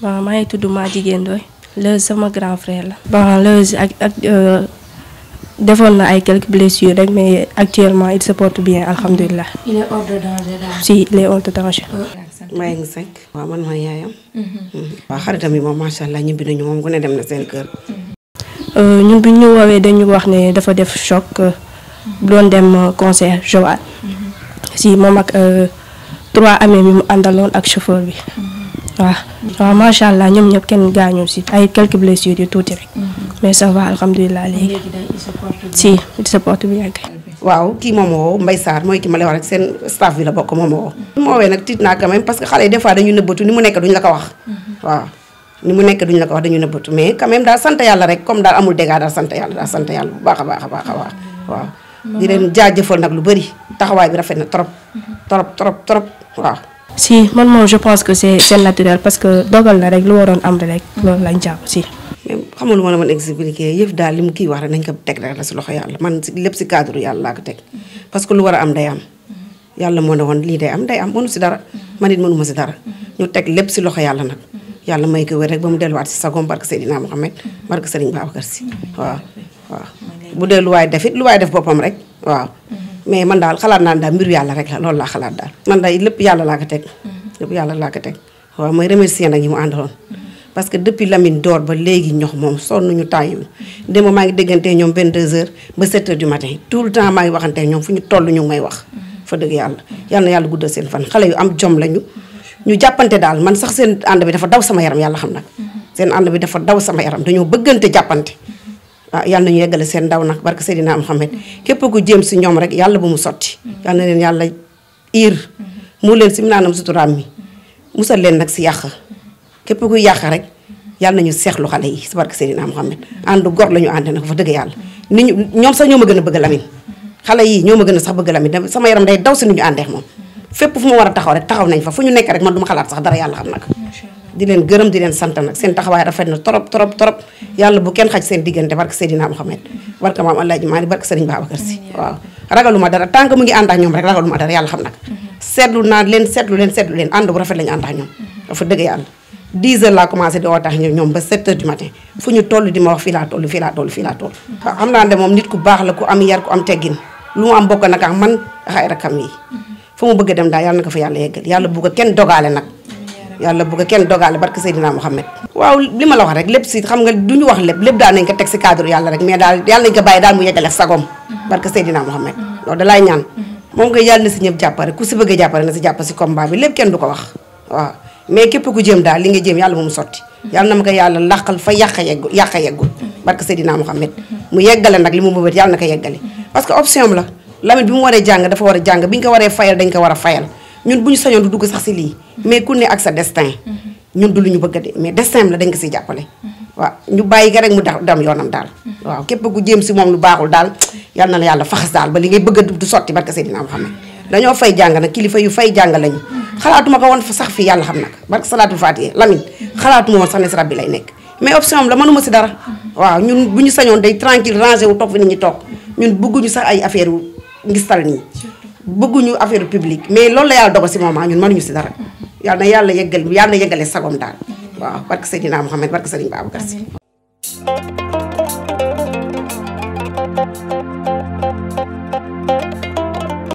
bon maa ngi tudd maa jigéen doy Leuz sama grand frère la. bon Leuz ak ak euh, defoon na ay quelques blessures rek mais actuellement il se bien alhamdulilah. Ah, il est hors de danger si il est hors de danger. maa ngi man ma yaayam. Mhm. waaw xaritam yi moom macha allah ñibbi nañu moom ku ne dem na seen kër. Euh, ñun ñu woowee dañu wax ne dafa def choc. Euh, doon dem euh, concert Joal si moom ak euh, trois amee mi mu àndaloon ak chauffeur bi waaw waaw macha allah ñoom ñëpp kenn gaañu si ay quelques blessures yu tuuti rek mais ça va léegi si il se porte bien waaw kii moom woo Mbaye Sarr mooy ki ma lay rek seen staff bi la bokk moom woo moo wee nag tiit naa quand même xale yi des dañu nëbbatu ni mu nekk duñ la ko wax waaw ni mu nekk duñ la ko wax dañu nëbbatu mais quand daal sant yàlla rek comme daal amul dégâts sant yàlla daal sant yàlla bu baax a baax a a di leen jaajëfal nag lu bëri taxawaay bi rafet na trop. Mhm. trop trop trop waaw. si man moom je pense que c'est c'est parce que dogal na rek lu waroon am rek. loolu lañ jàpp si. même xamul ma la mën expliquer yëf daal li mu kii wax rek nañ ko teg rek la si loxo yàlla man si lépp si cadre yàlla laa ko mhm. parce que lu war am day am. Mhm. yàlla moo ne woon lii day am day am mënu si dara man it mënu ma si dara ñu teg lépp si loxo yàlla nag yàlla may koy wér rek ba mu delluwaat si sagoom barke Seydina Mohamed barke Serigne Babacar si waaw. bu dee lu waay def it lu waay def boppam rek waaw. mais man daal xalaat naa ne daal mbiru yàlla rek la loolu laa xalaat daal. man daal lépp yàlla laa ko teg. lépp yàlla laa ko teg waaw mooy remercier nag yi mu àndaloon. parce que depuis Lamine Dóor ba léegi ñox moom sonn ñu tàyyiwul. démb maa ngi déggante ñoom 22h ba 7h du tout temps maa ngi waxante ñoom fu ñu toll ñu ngi may wax. fa dëgg yàlla yal na yàlla guddal seen fan xale yu am jom lañu. ñu jàppante daal man sax seen ànd bi dafa daw sama yaram yàlla xam nag. seen ànd bi dafa daw sama yaram dañoo bëggante jàppante. waaw ah, na ñu yeggale seen ndaw nag barke Seydina Muhammad képp ku jéem si ñoom rek yàlla bu mu sotti mm-hmm. yàlla na leen yàlla iir mu mm-hmm. leen si minaanam suturaam mi mm-hmm. musal leen nag si yàq képp ku yàq rek yàlla nañu seexlu xale yi si barke Seydina Muhammad ànd gor la ñu ànd nag fa dëgg yàlla ni ñu ñoom sax ñoo ma gën a bëgg Lamine xale yi ñoo ma gën a sax bëgg Lamine sama yaram day daw si ni ñu àndeex moom fépp fu ma war a taxaw rek taxaw nañ fa fu ñu nekk man du ma xalaat dara yàlla xam nag di leen gërëm di leen sant nag seen taxawaay rafet na trop trop trop yàlla bu kenn xaj seen diggante barke Seydina Mouhamed barke maam Alaaji Maalik barke Sëriñ Babacar Si waaw ragaluma dara tant que mu ngi ànd ak ñoom rek ragaluma dara yàlla xam nag seetlu naa leen seetlu leen seetlu leen ànd bu rafet lañu ànd ak ñoom dafa dëgg yàlla 10 heures laa commencé di woo tax ñoom ba 7 heures du matin fu ñu toll di ma wax fii laa toll fii laa toll fii laa toll xam naa ne moom nit ku baax la ku am yar ku am teggin lu mu am bokk nag ak man ak ay rakam yi fu mu bëgg dem daal yàlla na ko fa yàlla yeggal yàlla bu ko kenn dogaale nag yàlla bu ko kenn dogaale barke Seydina Mouhamed waaw li ma la wax rek lépp si xam nga du ñu wax lépp lépp daal nañ ko teg si cadre yàlla rek mais daal yàlla nañ ko bàyyi daal mu yeggale sagom barke Seydina na si ñëpp jàppare ku si bëgg jàppare na si jàpp si combat bi lépp kenn du ko wax waaw mais képp ku jéem daal li nga jéem yàlla moom sotti yàlla na ma ko yàlla laqal fa yàq yeggu yàq yeggul barke Seydina Mouhamed mu yeggale nag li mu mëbët yàlla na ko yeggale war fayal dañ ko war a fayal ñun bu ñu sañoon du dugg sax si lii. mais ku ne ak sa destin. ñun du lu ñu bëgg de mais destin am la dañ ko siy jàppale. waa ñu bàyyi ga rek mu dem yoonam daal. waaw képp ku jéem si moom lu baaxul daal yal na la yàlla faxas daal ba li ngay bëgg a du sotti barka Seydina Muhammad dañoo fay jàng nag kilifa yu fay jàng lañu. xalaatuma ko woon sax fii yàlla xam na ko barka salaatul faatiha xalaatuma woon sax ne si lay nekk. mais option am la mënuma si dara. waaw ñun bu ñu sañoon day tranquille rangé wu toog fi nit ñi toog. ñun bëgguñu sax ay affaire wu ngistal nii bëgguñu affaire publique mais loolu la yàlla dogal si moment ñun mënuñu si dara. yàlla yàlla yeggal yàlla na yeggale daal. waaw barke Seydina Mouhamed barke Serigne Babacar Sy.